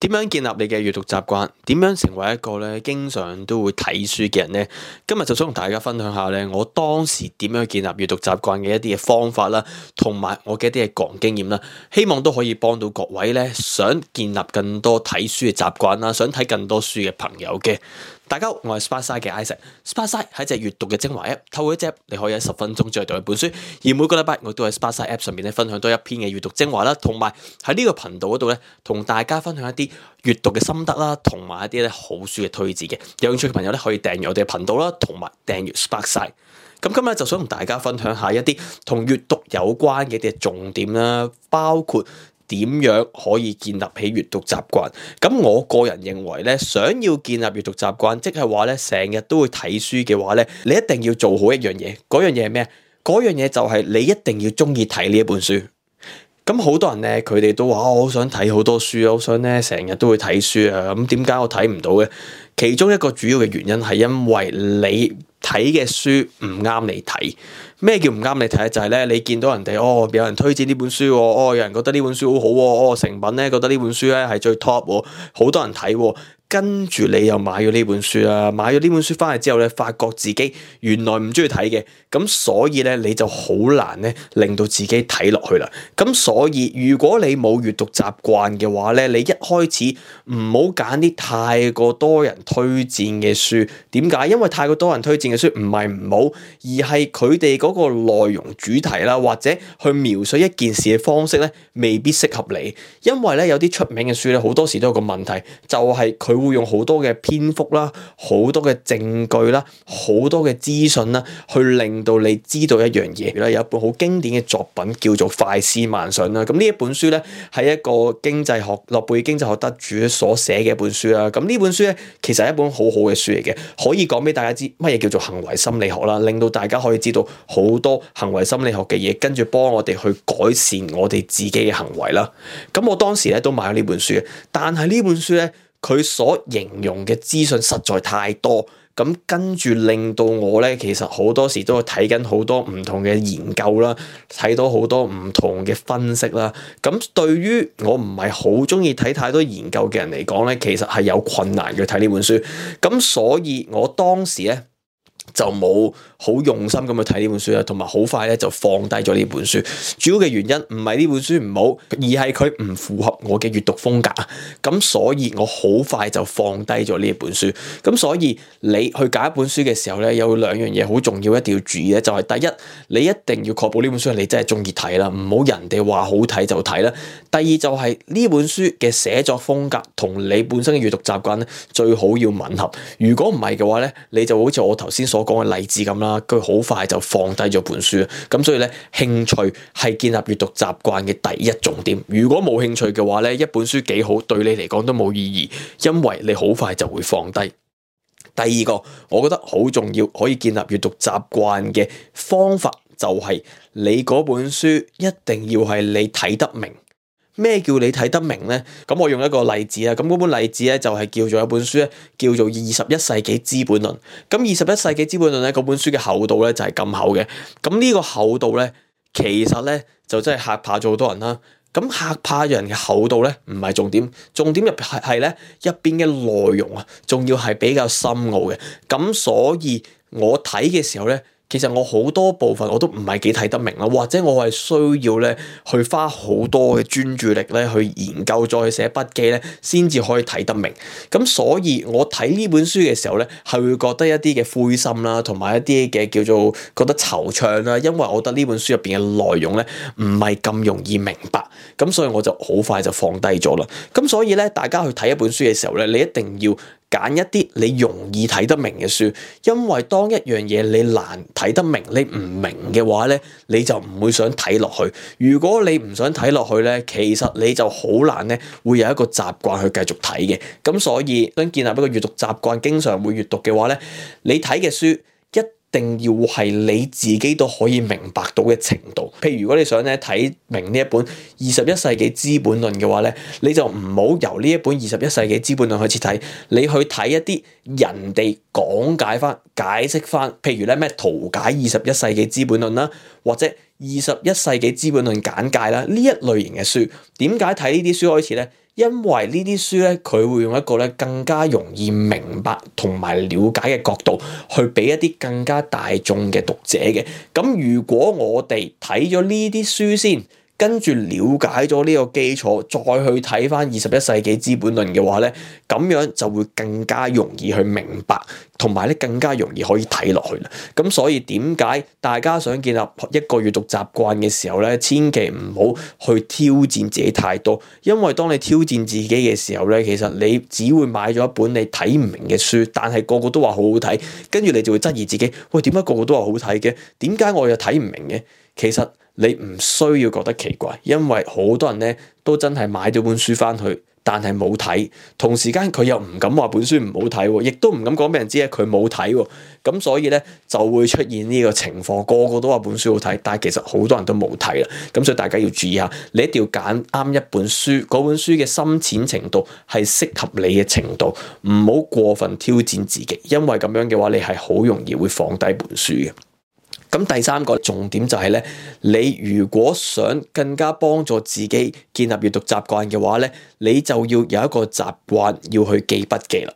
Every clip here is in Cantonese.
點樣建立你嘅閱讀習慣？點樣成為一個咧經常都會睇書嘅人呢？今日就想同大家分享下咧，我當時點樣建立閱讀習慣嘅一啲嘅方法啦，同埋我嘅一啲嘅個人經驗啦，希望都可以幫到各位咧，想建立更多睇書嘅習慣啦，想睇更多書嘅朋友嘅。大家好，我係 Sparksine 嘅 Isaac。Sparksine 喺隻閱讀嘅精華 app，透過隻 app 你可以喺十分鐘再讀一本書。而每個禮拜我都喺 Sparksine app 上面咧分享多一篇嘅閱讀精華啦，同埋喺呢個頻道嗰度咧同大家分享一啲閱讀嘅心得啦，同埋一啲咧好書嘅推薦嘅。有興趣嘅朋友咧可以訂閱我哋嘅頻道啦，同埋訂閱 Sparksine。咁今日就想同大家分享下一啲同閱讀有關嘅啲重點啦，包括。點樣可以建立起閱讀習慣？咁我個人認為咧，想要建立閱讀習慣，即係話咧成日都會睇書嘅話咧，你一定要做好一樣嘢。嗰樣嘢係咩啊？嗰樣嘢就係你一定要中意睇呢一本書。咁好多人咧，佢哋都話：哦，我好想睇好多書啊，好想咧成日都會睇書啊。咁點解我睇唔到嘅？其中一個主要嘅原因係因為你睇嘅書唔啱你睇。咩叫唔啱你睇？就係咧，你見到人哋哦，有人推薦呢本書，哦，有人覺得呢本書好好，哦，成品咧覺得呢本書咧係最 top，好多人睇喎、哦。跟住你又買咗呢本書啊，買咗呢本書翻嚟之後咧，發覺自己原來唔中意睇嘅，咁所以咧你就好難咧令到自己睇落去啦。咁所以如果你冇閱讀習慣嘅話咧，你一開始唔好揀啲太過多人推薦嘅書。點解？因為太過多人推薦嘅書唔係唔好，而係佢哋嗰個內容主題啦，或者去描述一件事嘅方式咧，未必適合你。因為咧有啲出名嘅書咧，好多時都有個問題，就係佢。會用好多嘅篇幅啦，好多嘅證據啦，好多嘅資訊啦，去令到你知道一樣嘢。例如有一本好經典嘅作品叫做《快思慢想》啦，咁呢一本書咧係一個經濟學諾貝爾經濟學得主所寫嘅一本書啦。咁呢本書咧其實係一本好好嘅書嚟嘅，可以講俾大家知乜嘢叫做行為心理學啦，令到大家可以知道好多行為心理學嘅嘢，跟住幫我哋去改善我哋自己嘅行為啦。咁我當時咧都買咗呢本書，但係呢本書咧。佢所形容嘅資訊實在太多，咁跟住令到我咧，其實好多時都會睇緊好多唔同嘅研究啦，睇到好多唔同嘅分析啦。咁對於我唔係好鍾意睇太多研究嘅人嚟講咧，其實係有困難去睇呢本書。咁所以我當時咧。就冇好用心咁去睇呢本書啦，同埋好快咧就放低咗呢本書。主要嘅原因唔係呢本書唔好，而係佢唔符合我嘅閱讀風格啊。咁所以我好快就放低咗呢一本書。咁所以你去揀一本書嘅時候咧，有兩樣嘢好重要，一定要注意咧。就係第一，你一定要確保呢本書你真係中意睇啦，唔好人哋話好睇就睇啦。第二就係呢本書嘅寫作風格同你本身嘅閱讀習慣咧，最好要吻合。如果唔係嘅話咧，你就好似我頭先所。我講嘅例子咁啦，佢好快就放低咗本書，咁所以咧，興趣係建立閱讀習慣嘅第一重點。如果冇興趣嘅話咧，一本書幾好，對你嚟講都冇意義，因為你好快就會放低。第二個，我覺得好重要，可以建立閱讀習慣嘅方法，就係你嗰本書一定要係你睇得明。咩叫你睇得明咧？咁我用一個例子啊，咁本例子咧就係叫做一本書咧，叫做《二十一世紀資本論》。咁《二十一世紀資本論》咧，嗰本書嘅厚度咧就係咁厚嘅。咁呢個厚度咧，其實咧就真係吓怕咗好多人啦。咁吓怕人嘅厚度咧唔係重點，重點入係咧入邊嘅內容啊，仲要係比較深奧嘅。咁所以我睇嘅時候咧。其實我好多部分我都唔係幾睇得明啦，或者我係需要咧去花好多嘅專注力咧去研究，再去寫筆記咧，先至可以睇得明。咁所以我睇呢本書嘅時候咧，係會覺得一啲嘅灰心啦，同埋一啲嘅叫做覺得惆悵啦，因為我覺得呢本書入邊嘅內容咧唔係咁容易明白。咁所以我就好快就放低咗啦。咁所以咧，大家去睇一本書嘅時候咧，你一定要。揀一啲你容易睇得明嘅書，因為當一樣嘢你難睇得明，你唔明嘅話咧，你就唔會想睇落去。如果你唔想睇落去咧，其實你就好難咧，會有一個習慣去繼續睇嘅。咁所以想建立一個閱讀習慣，經常會閱讀嘅話咧，你睇嘅書，定要係你自己都可以明白到嘅程度。譬如如果你想咧睇明呢一本《二十一世紀資本論》嘅話咧，你就唔好由呢一本《二十一世紀資本論》開始睇，你去睇一啲人哋講解翻、解釋翻，譬如咧咩圖解《二十一世紀資本論》啦，或者《二十一世紀資本論》簡介啦，呢一類型嘅書。點解睇呢啲書開始咧？因為呢啲書咧，佢會用一個咧更加容易明白同埋了解嘅角度，去俾一啲更加大眾嘅讀者嘅。咁如果我哋睇咗呢啲書先。跟住了解咗呢個基礎，再去睇翻《二十一世紀資本論》嘅話咧，咁樣就會更加容易去明白，同埋咧更加容易可以睇落去啦。咁所以點解大家想建立一個閱讀習慣嘅時候咧，千祈唔好去挑戰自己太多，因為當你挑戰自己嘅時候咧，其實你只會買咗一本你睇唔明嘅書，但係個個都話好好睇，跟住你就會質疑自己：喂，點解個個都話好睇嘅？點解我又睇唔明嘅？其實。你唔需要覺得奇怪，因為好多人咧都真係買咗本書返去，但係冇睇。同時間佢又唔敢話本書唔好睇喎，亦都唔敢講俾人知咧佢冇睇喎。咁所以咧就會出現呢個情況，個個都話本書好睇，但係其實好多人都冇睇啦。咁所以大家要注意下，你一定要揀啱一本書，嗰本書嘅深淺程度係適合你嘅程度，唔好過分挑戰自己，因為咁樣嘅話，你係好容易會放低本書嘅。咁第三個重點就係咧，你如果想更加幫助自己建立閱讀習慣嘅話呢，你就要有一個習慣要去記筆記啦。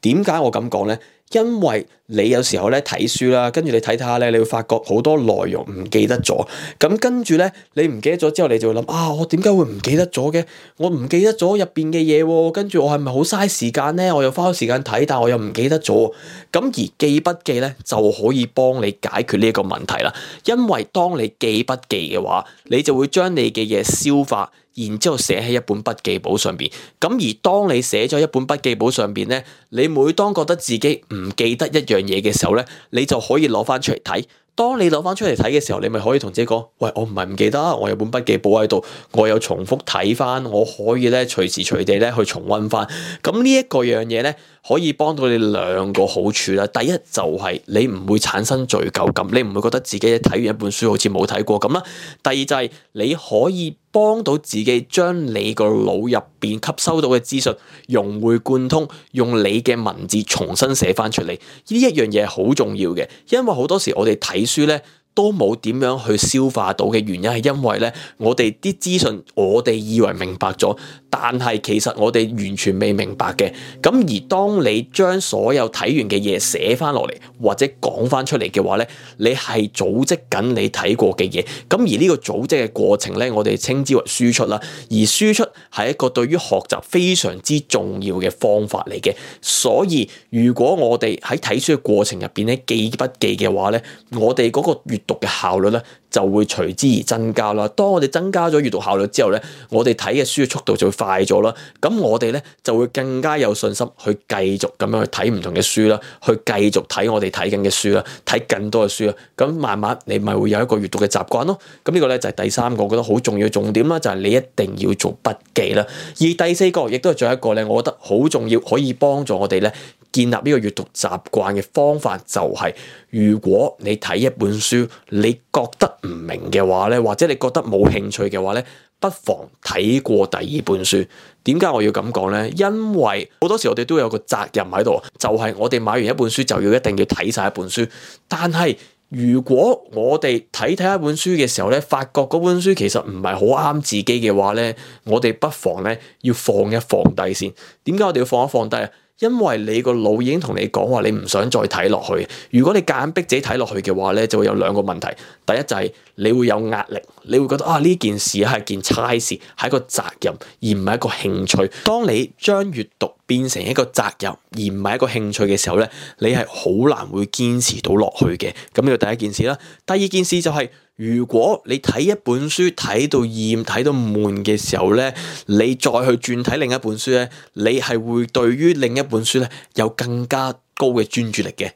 點解我咁講呢？因為你有時候咧睇書啦，跟住你睇睇下咧，你會發覺好多內容唔記得咗，咁跟住咧你唔記得咗之後，你就會諗啊，我點解會唔記得咗嘅？我唔記得咗入邊嘅嘢，跟住我係咪好嘥時間咧？我又花咗時間睇，但係我又唔記得咗，咁而記筆記咧就可以幫你解決呢一個問題啦。因為當你記筆記嘅話，你就會將你嘅嘢消化。然之後寫喺一本筆記簿上邊，咁而當你寫咗一本筆記簿上邊咧，你每當覺得自己唔記得一樣嘢嘅時候咧，你就可以攞翻出嚟睇。當你攞翻出嚟睇嘅時候，你咪可以同自己講：喂，我唔係唔記得，我有本筆記簿喺度，我有重複睇翻，我可以咧隨時隨地咧去重温翻。咁呢一個樣嘢咧，可以幫到你兩個好處啦。第一就係你唔會產生罪疚感，你唔會覺得自己睇完一本書好似冇睇過咁啦。第二就係你可以幫到自己將你個腦入邊吸收到嘅資訊融會貫通，用你嘅文字重新寫翻出嚟，呢一樣嘢好重要嘅，因為好多時我哋睇書咧。都冇點樣去消化到嘅原因係因為呢，我哋啲資訊我哋以為明白咗，但係其實我哋完全未明白嘅。咁而當你將所有睇完嘅嘢寫翻落嚟或者講翻出嚟嘅話呢，你係組織緊你睇過嘅嘢。咁而呢個組織嘅過程呢，我哋稱之為輸出啦。而輸出係一個對於學習非常之重要嘅方法嚟嘅。所以如果我哋喺睇書嘅過程入邊呢，記筆記嘅話呢，我哋嗰個閱讀嘅效率咧就會隨之而增加啦。當我哋增加咗閱讀效率之後咧，我哋睇嘅書嘅速度就會快咗啦。咁我哋咧就會更加有信心去繼續咁樣去睇唔同嘅書啦，去繼續睇我哋睇緊嘅書啦，睇更多嘅書啦。咁慢慢你咪會有一個閱讀嘅習慣咯。咁呢個咧就係第三個我覺得好重要嘅重點啦，就係你一定要做筆記啦。而第四個亦都係最後一個咧，我覺得好重要，可以幫助我哋咧。建立呢個閱讀習慣嘅方法就係，如果你睇一本書，你覺得唔明嘅話咧，或者你覺得冇興趣嘅話咧，不妨睇過第二本書。點解我要咁講咧？因為好多時我哋都有個責任喺度，就係我哋買完一本書就要一定要睇晒一本書。但係如果我哋睇睇一本書嘅時候咧，發覺嗰本書其實唔係好啱自己嘅話咧，我哋不妨咧要放一放低先。點解我哋要放一放低啊？因為你個腦已經同你講話，你唔想再睇落去。如果你夾硬逼自己睇落去嘅話咧，就會有兩個問題。第一就係你會有壓力，你會覺得啊呢件事係件差事，係一個責任，而唔係一個興趣。當你將閱讀變成一個責任而唔係一個興趣嘅時候咧，你係好難會堅持到落去嘅。咁呢個第一件事啦。第二件事就係，如果你睇一本書睇到厭、睇到悶嘅時候咧，你再去轉睇另一本書咧，你係會對於另一本書咧有更加高嘅專注力嘅。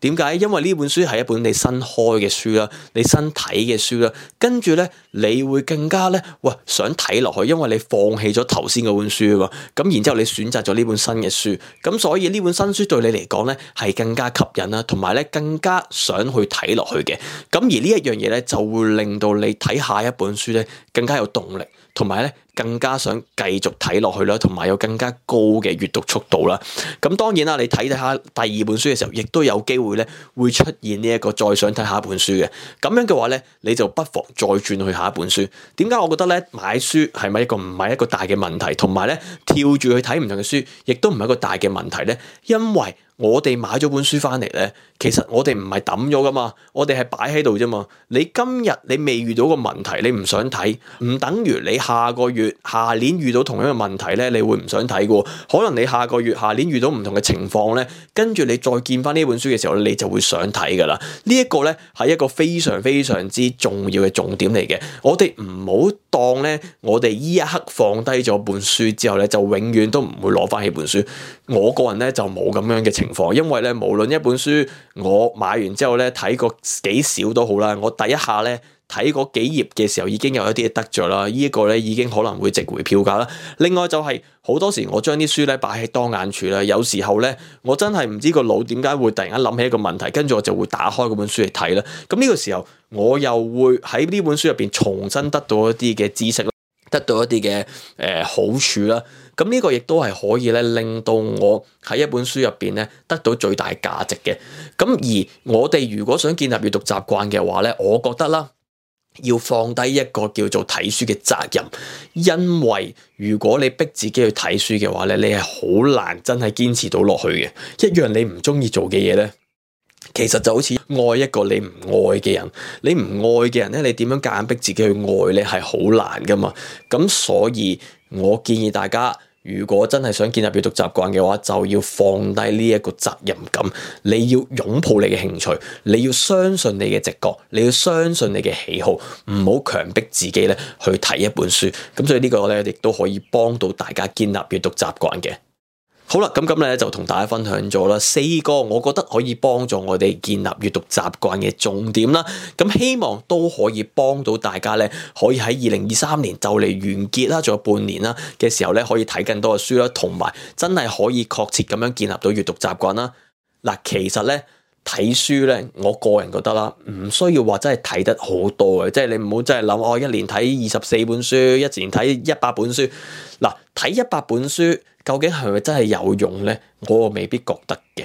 點解？因為呢本書係一本你新開嘅書啦，你新睇嘅書啦，跟住咧你會更加咧，哇，想睇落去，因為你放棄咗頭先嗰本書啊嘛，咁然之後你選擇咗呢本新嘅書，咁所以呢本新書對你嚟講咧係更加吸引啦，同埋咧更加想去睇落去嘅，咁而呢一樣嘢咧就會令到你睇下一本書咧更加有動力。同埋咧，更加想繼續睇落去啦，同埋有更加高嘅閱讀速度啦。咁當然啦，你睇睇下第二本書嘅時候，亦都有機會咧會出現呢一個再想睇下一本書嘅。咁樣嘅話咧，你就不妨再轉去下一本書。點解我覺得咧買書係咪一個唔係一個大嘅問題？同埋咧跳住去睇唔同嘅書，亦都唔係一個大嘅問題咧，因為。我哋買咗本書翻嚟咧，其實我哋唔係抌咗噶嘛，我哋係擺喺度啫嘛。你今日你未遇到個問題，你唔想睇，唔等於你下個月、下年遇到同一嘅問題咧，你會唔想睇噶？可能你下個月、下年遇到唔同嘅情況咧，跟住你再見翻呢本書嘅時候你就會想睇噶啦。這個、呢一個咧係一個非常非常之重要嘅重點嚟嘅。我哋唔好當咧，我哋呢一刻放低咗本書之後咧，就永遠都唔會攞翻起本書。我個人咧就冇咁樣嘅情。因為咧，無論一本書我買完之後咧，睇過幾少都好啦，我第一下咧睇嗰幾頁嘅時候，已經有一啲嘅得着啦。呢個咧已經可能會值回票價啦。另外就係好多時我將啲書咧擺喺當眼處啦，有時候咧我真係唔知個腦點解會突然間諗起一個問題，跟住我就會打開嗰本書嚟睇啦。咁呢個時候我又會喺呢本書入邊重新得到一啲嘅知識，得到一啲嘅誒好處啦。咁呢個亦都係可以咧，令到我喺一本書入邊咧得到最大價值嘅。咁而我哋如果想建立閱讀習慣嘅話咧，我覺得啦，要放低一個叫做睇書嘅責任，因為如果你逼自己去睇書嘅話咧，你係好難真係堅持到落去嘅。一樣你唔中意做嘅嘢咧，其實就好似愛一個你唔愛嘅人，你唔愛嘅人咧，你點樣夾硬硬逼自己去愛咧，係好難噶嘛。咁所以，我建議大家。如果真係想建立閱讀習慣嘅話，就要放低呢一個責任感。你要擁抱你嘅興趣，你要相信你嘅直覺，你要相信你嘅喜好，唔好強迫自己咧去睇一本書。咁所以呢個咧亦都可以幫到大家建立閱讀習慣嘅。好啦，咁咁咧就同大家分享咗啦。四個我覺得可以幫助我哋建立閱讀習慣嘅重點啦。咁希望都可以幫到大家咧，可以喺二零二三年就嚟完結啦，仲有半年啦嘅時候咧，可以睇更多嘅書啦，同埋真係可以確切咁樣建立到閱讀習慣啦。嗱，其實咧睇書咧，我個人覺得啦，唔需要話真係睇得好多嘅，即係你唔好真係諗我一年睇二十四本書，一年睇一百本書。嗱，睇一百本書。究竟係咪真係有用咧？我又未必覺得嘅。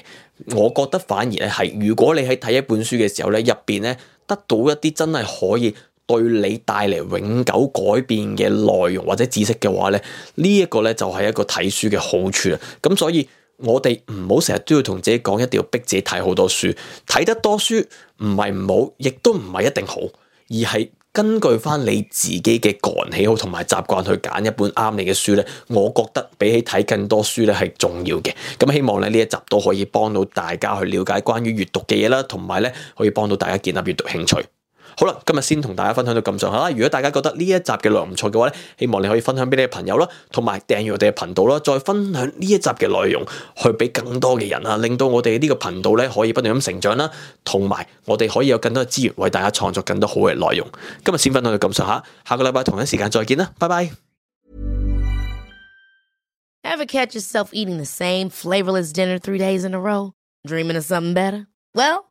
我覺得反而咧係，如果你喺睇一本書嘅時候咧，入邊咧得到一啲真係可以對你帶嚟永久改變嘅內容或者知識嘅話咧，呢呢一個咧就係一個睇書嘅好處啊。咁所以我哋唔好成日都要同自己講，一定要逼自己睇好多書，睇得多書唔係唔好，亦都唔係一定好，而係。根據翻你自己嘅個人喜好同埋習慣去揀一本啱你嘅書咧，我覺得比起睇更多書咧係重要嘅。咁希望咧呢一集都可以幫到大家去了解關於閱讀嘅嘢啦，同埋咧可以幫到大家建立閱讀興趣。好啦，今日先同大家分享到咁上下啦。如果大家覺得呢一集嘅內容唔錯嘅話咧，希望你可以分享俾你嘅朋友啦，同埋訂閱我哋嘅頻道啦，再分享呢一集嘅內容去俾更多嘅人啊，令到我哋呢個頻道咧可以不斷咁成長啦，同埋我哋可以有更多嘅資源為大家創作更多好嘅內容。今日先分享到咁上下，下個禮拜同一時間再見啦，拜拜。